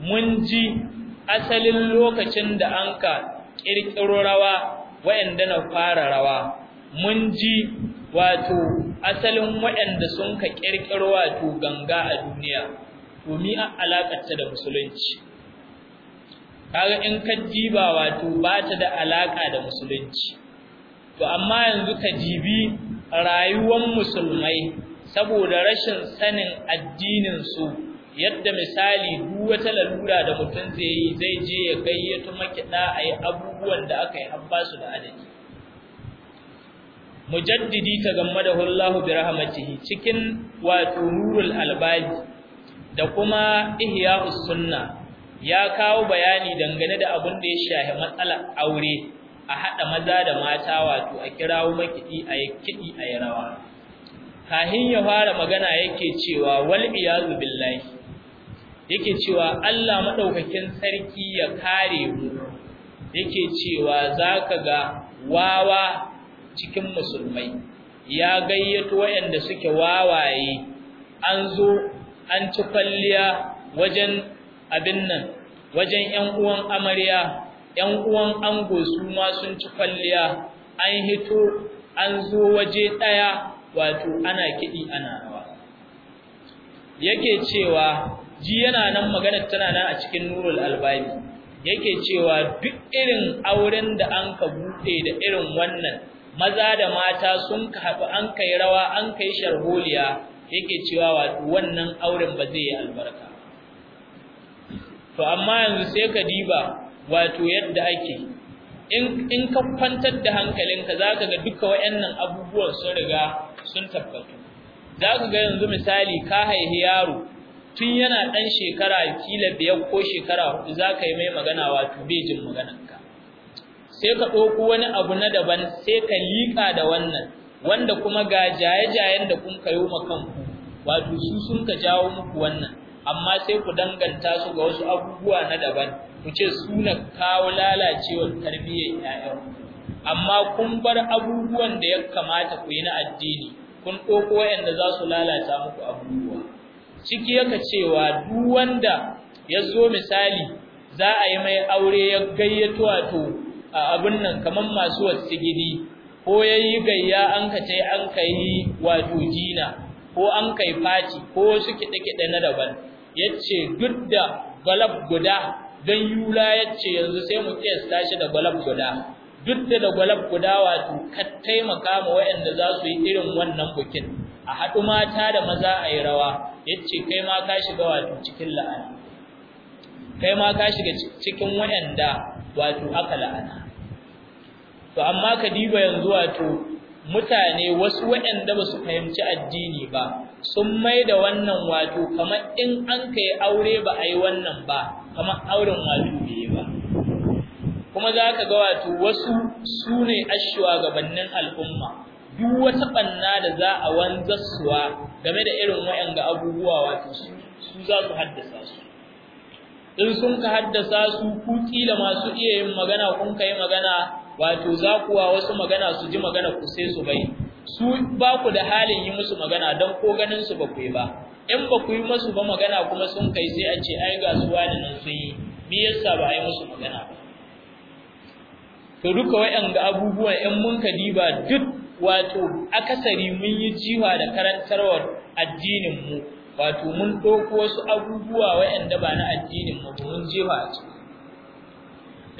mun ji asalin lokacin da an ka kirkiro rawa wayanda na fara rawa mun ji wato asalin wayanda sun ka kirkiro wato ganga a duniya to mi a ta da musulunci kaga in ka diba wato ba ta da alaka da musulunci to amma yanzu ka jibi rayuwar musulmai saboda rashin sanin addinin su yadda misali duk wata lalura da mutum zai yi zai je ya gayyato makida ayi abubuwan da aka yi habbasu da adadi mujaddidi ta gammadahu Allah bi rahmatihi cikin wato nurul albabi da kuma ihya'us sunna ya kawo bayani dangane da abin da ya shafi matsalar aure a hada maza da mata wato a kirawo makidi a yi kidi a yi rawa kahin ya fara magana yake cewa wal iyazu billahi yake cewa Allah madaukakin sarki ya kare mu yake cewa zaka ga wawa cikin musulmai ya gayyato waɗanda suke wawaye an zo an ci kwalliya wajen abin nan wajen ƴan uwan amarya ƴan uwan ango su ma sun ci kwalliya an hito an zo waje ɗaya wato ana kiɗi ana rawa yake cewa ji yana nan magana tana nan a cikin nurul albani yake cewa duk irin auren da an ka buɗe da irin wannan maza da mata sun ka haɗu an kai rawa an kai sharholiya yake cewa wato wannan auren ba zai yi albarka to amma yanzu sai ka diba wato yadda ake in ka kwantar da hankalinka za ka ga duka wa'annan abubuwan sun riga sun tabbatu za ku ga yanzu misali ka haihi yaro tun yana ɗan shekara kila biyar ko shekara hudu za ka yi mai magana wato bai jin maganarka sai ka ɗauko wani abu na daban sai ka liƙa da wannan wanda kuma ga jaye-jayen da kun kayo ma kanku wato su sun ka jawo muku wannan amma sai ku danganta su ga wasu abubuwa na daban ku ce suna kawo lalacewar tarbiyyar 'ya'yanku amma kun bar abubuwan da ya kamata ku yi na addini kun ɗauko wayanda za su lalata muku abubuwa ciki yaka cewa duk wanda ya zo misali za a yi mai aure ya gayyato wato a abin nan kamar masu wasu gidi ko ya yi gayya an ka ce an ka wato jina ko an kai faci ko su kiɗe-kiɗe na daban ya ce duk da galab guda don yula ya ce yanzu sai mu kiyasta shi da galab guda duk da da gwalab guda wato tukar taimaka ma waɗanda za su yi irin wannan bukin a haɗu mata da maza a yi rawa ya ce kai ma ka shiga wato cikin la'ana kai ma ka shiga cikin waɗanda wato aka la'ana to amma ka diba yanzu wato mutane wasu waɗanda ba su fahimci addini ba sun mai da wannan wato kamar in an kai aure ba a yi wannan ba kamar auren wato ba kuma za ka ga wato wasu su ne ashwagabannin al'umma duk wata banna da za a wanzarsuwa game da irin ga abubuwa wato su za su haddasa su in sun ka haddasa su ku kila masu iya yin magana kun kai magana wato za kuwa wasu magana su ji magana ku sai su bai su ba ku da halin yi musu magana don ko ganin su ba ku ba in ba ku yi musu ba magana kuma sun kai sai a ce ai ga su wani nan sun yi me yasa ba a yi musu magana ba to duka waɗanda abubuwa ɗan mun ka diba duk wato akasari mun yi jiwa da karantarwar addinin mu wato mun ɗauko wasu abubuwa waɗanda ba na addinin mu mun jiwa a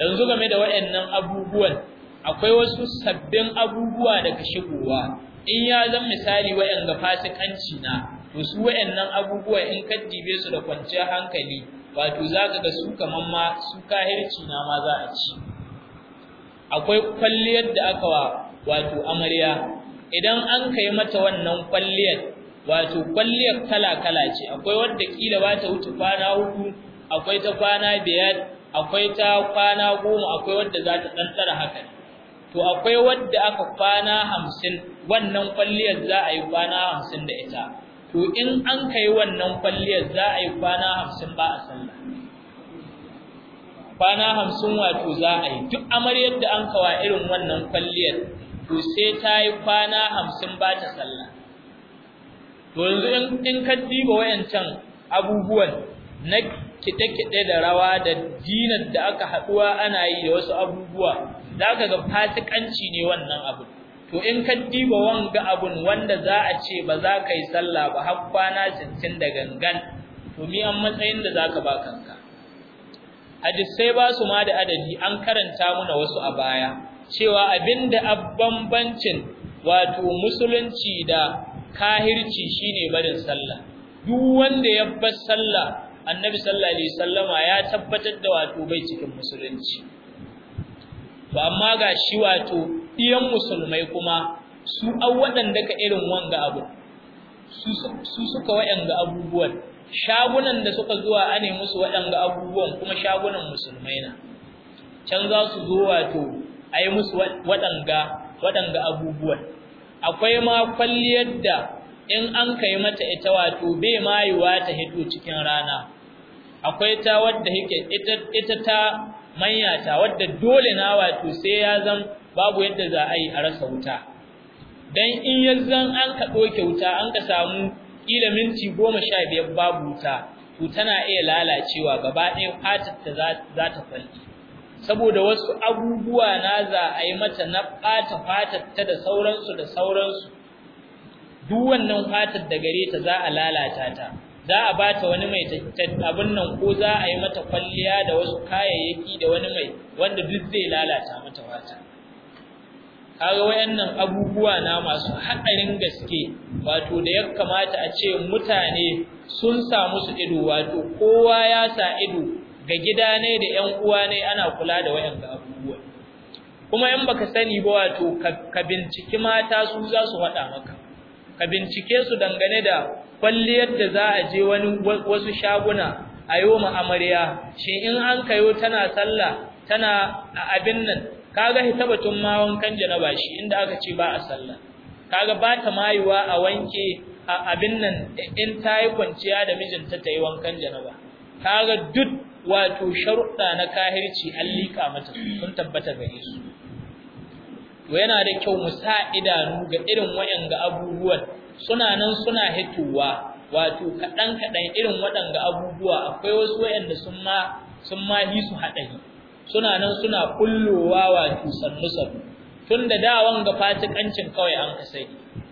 yanzu game da waɗannan abubuwan akwai wasu sabbin abubuwa daga shigowa in ya zan misali waɗanda fasikanci na to su waɗannan abubuwa in ka dibe su da kwanciyar hankali wato zaka ga su kaman ma su kahirci na ma za a ci akwai kwalliyar da aka wa wato amarya idan an kai mata wannan kwalliyar wato kwalliyar kala-kala ce akwai wadda kila ba ta wuce kwana hudu akwai ta kwana biyar akwai ta kwana goma akwai wadda za ta tsantsara haka to akwai wadda aka kwana hamsin wannan kwalliyar za a yi kwana hamsin da ita to in an kai wannan kwalliyar za a yi kwana hamsin ba a sallah kwana hamsin wato za a yi duk amaryar da an kawa irin wannan kwalliyar to sai ta yi kwana hamsin ba ta sallah to yanzu in ka diba wayancan abubuwan na kiɗe-kiɗe da rawa da dinar da aka haɗuwa ana yi da wasu abubuwa za ka ga fasikanci ne wannan abu to in ka diba wanga abun wanda za a ce ba za ka yi sallah ba har kwana sittin da gangan to mi an matsayin da za ka ba kanka hadisai ba su ma da adadi an karanta muna wasu a baya cewa abinda abbanbancin wato musulunci da kahirci shine barin sallah duk wanda ya bar sallah annabi sallallahu alaihi wasallama ya tabbatar da wato bai cikin musulunci Ba amma ga shi wato ɗiyan musulmai kuma su an waɗanda ka irin wanga abu su suka waɗanda abubuwan shagunan da suka zuwa ane musu waɗanga abubuwan kuma shagunan musulmai na can za su zo wato a yi musu waɗanga abubuwan akwai ma kwalliyar da in an kai mata ita wato bai mayuwa ta hito cikin rana akwai ta wadda yake ita ita ta manyata wadda dole na wato sai ya zan babu yadda za a yi a rasa wuta dan in yanzu an ka ɗauke wuta an ka samu kila minti goma sha biyar babu wuta to tana iya lalacewa gaba ɗaya fatar ta za ta falki saboda wasu abubuwa na za a yi mata na ɓata fatar ta da sauransu da sauransu duk wannan fatar da gare ta za a lalata ta za a ba ta wani mai abin nan ko za a yi mata kwalliya da wasu kayayyaki da wani mai wanda duk zai lalata mata fata kaga wayannan abubuwa na masu hadarin gaske wato da ya kamata a ce mutane sun samu su ido wato kowa ya sa ido ga gida ne da ƴan uwa ne ana kula da wayannan abubuwa kuma in baka sani ba wato ka binciki mata su za su faɗa maka ka bincike su dangane da kwalliyar da za a je wani wasu shaguna a yi wa amarya shin in an kayo tana sallah tana a abin nan kaga hitabatun ma wankan janaba shi inda aka ce ba a sallah kaga ba ta mayuwa a wanke a abin nan in ta yi kwanciya da mijinta ta yi wankan janaba kaga duk wato sharuɗa na kahirci an liƙa mata sun tabbata gare su to yana da kyau mu sa idanu ga irin waɗanga abubuwan suna nan suna hitowa wato kaɗan kaɗan irin waɗanga abubuwa akwai wasu waɗanda sun ma sun ma yi su haɗari suna nan suna kullowa wato sannu tunda da wanga fatikancin kawai an kasai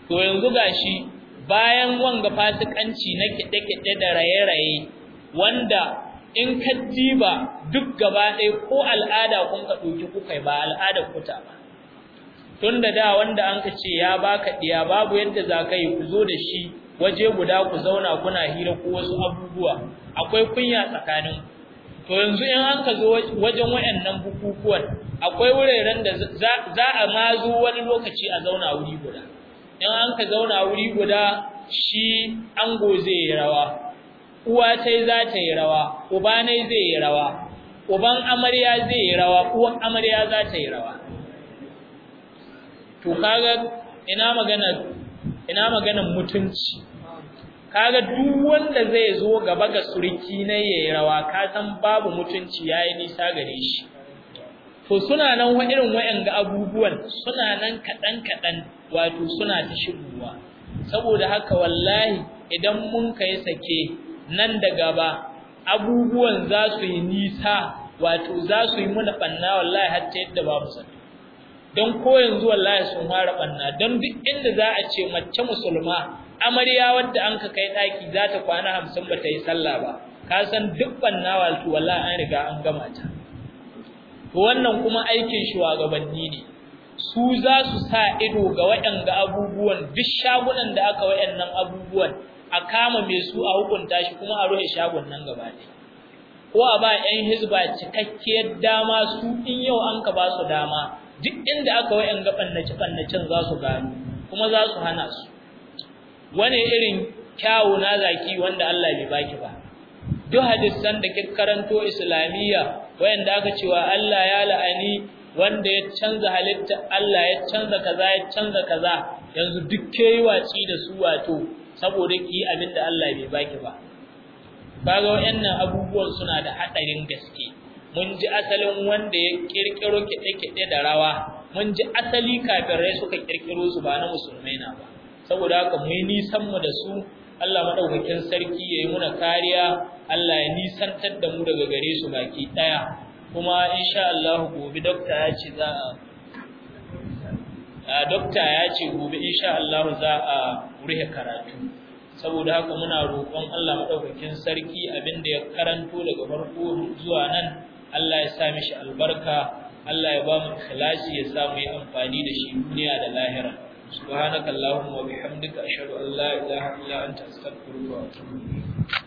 to yanzu gashi bayan wanga fatikanci na kide-kide da raye-raye wanda in ka jiba duk gaba ɗaya ko al'ada kun ka doki kuka ba al'ada kuta ba tunda da wanda an ka ce ya baka ɗiya babu yadda za ka yi ku zo da shi waje guda ku zauna kuna hira ko wasu abubuwa akwai kunya tsakanin to yanzu in an ka zo wajen wayannan bukukuwan akwai wuraren da za a ma zo wani lokaci a zauna wuri guda in an ka zauna wuri guda shi ango zai yi rawa uwa tai za ta yi rawa uba ne zai yi rawa uban amarya zai yi rawa uwan amarya za ta yi rawa to kaga ina magana ina maganar mutunci kaga duk wanda zai zo gaba ga surki na yayi rawa ka san babu mutunci yayi nisa gare shi to suna nan wa irin ga abubuwan suna nan kadan kadan wato suna ta shigowa saboda haka wallahi idan mun kai sake nan da gaba abubuwan za su yi nisa wato za su yi muna banna wallahi har ta yadda babu sani don ko yanzu wallahi sun fara banna don duk inda za a ce mace musulma amarya wadda an ka kai daki za ta kwana hamsin ba ta yi sallah ba ka san duk banna wato wallahi an riga an gama ta to wannan kuma aikin shugabanni ne su za su sa ido ga waɗanga abubuwan duk shagunan da aka waɗannan abubuwan a kama mai su a hukunta shi kuma a rufe shagon nan gaba ɗaya ko a ba 'yan hizba cikakkiyar dama su in yau an ka ba su dama duk inda aka wayan ga bannace bannacen za su gano kuma za su hana su wane irin kyawu na zaki wanda Allah bai baki ba duk hadisan da kika karanto islamiyya wayanda aka cewa Allah ya la'ani wanda ya canza halitta Allah ya canza kaza ya canza kaza yanzu duk kai waci da su wato saboda ki abinda Allah bai baki ba kaga wayannan abubuwan suna da hadarin gaske mun ji asalin wanda ya kirkiro kiɗe-kiɗe da rawa mun ji asali kafirai suka kirkiro su ba na musulmai na ba saboda haka mu nisan mu da su Allah madaukakin sarki yayi muna kariya Allah ya nisantar da mu daga gare su baki daya kuma insha Allah gobe dokta ya ce za a doctor ya ce gobe insha Allah za a rufe karatu saboda haka muna roƙon Allah madaukakin sarki abinda ya karanto daga farko zuwa nan Allah ya sa mishi albarka Allah ya ba mu ikhlasi ya sa mu yi amfani da shi duniya da lahira subhanakallahumma wa bihamdika ashhadu an la ilaha illa anta astaghfiruka wa atubu ilayk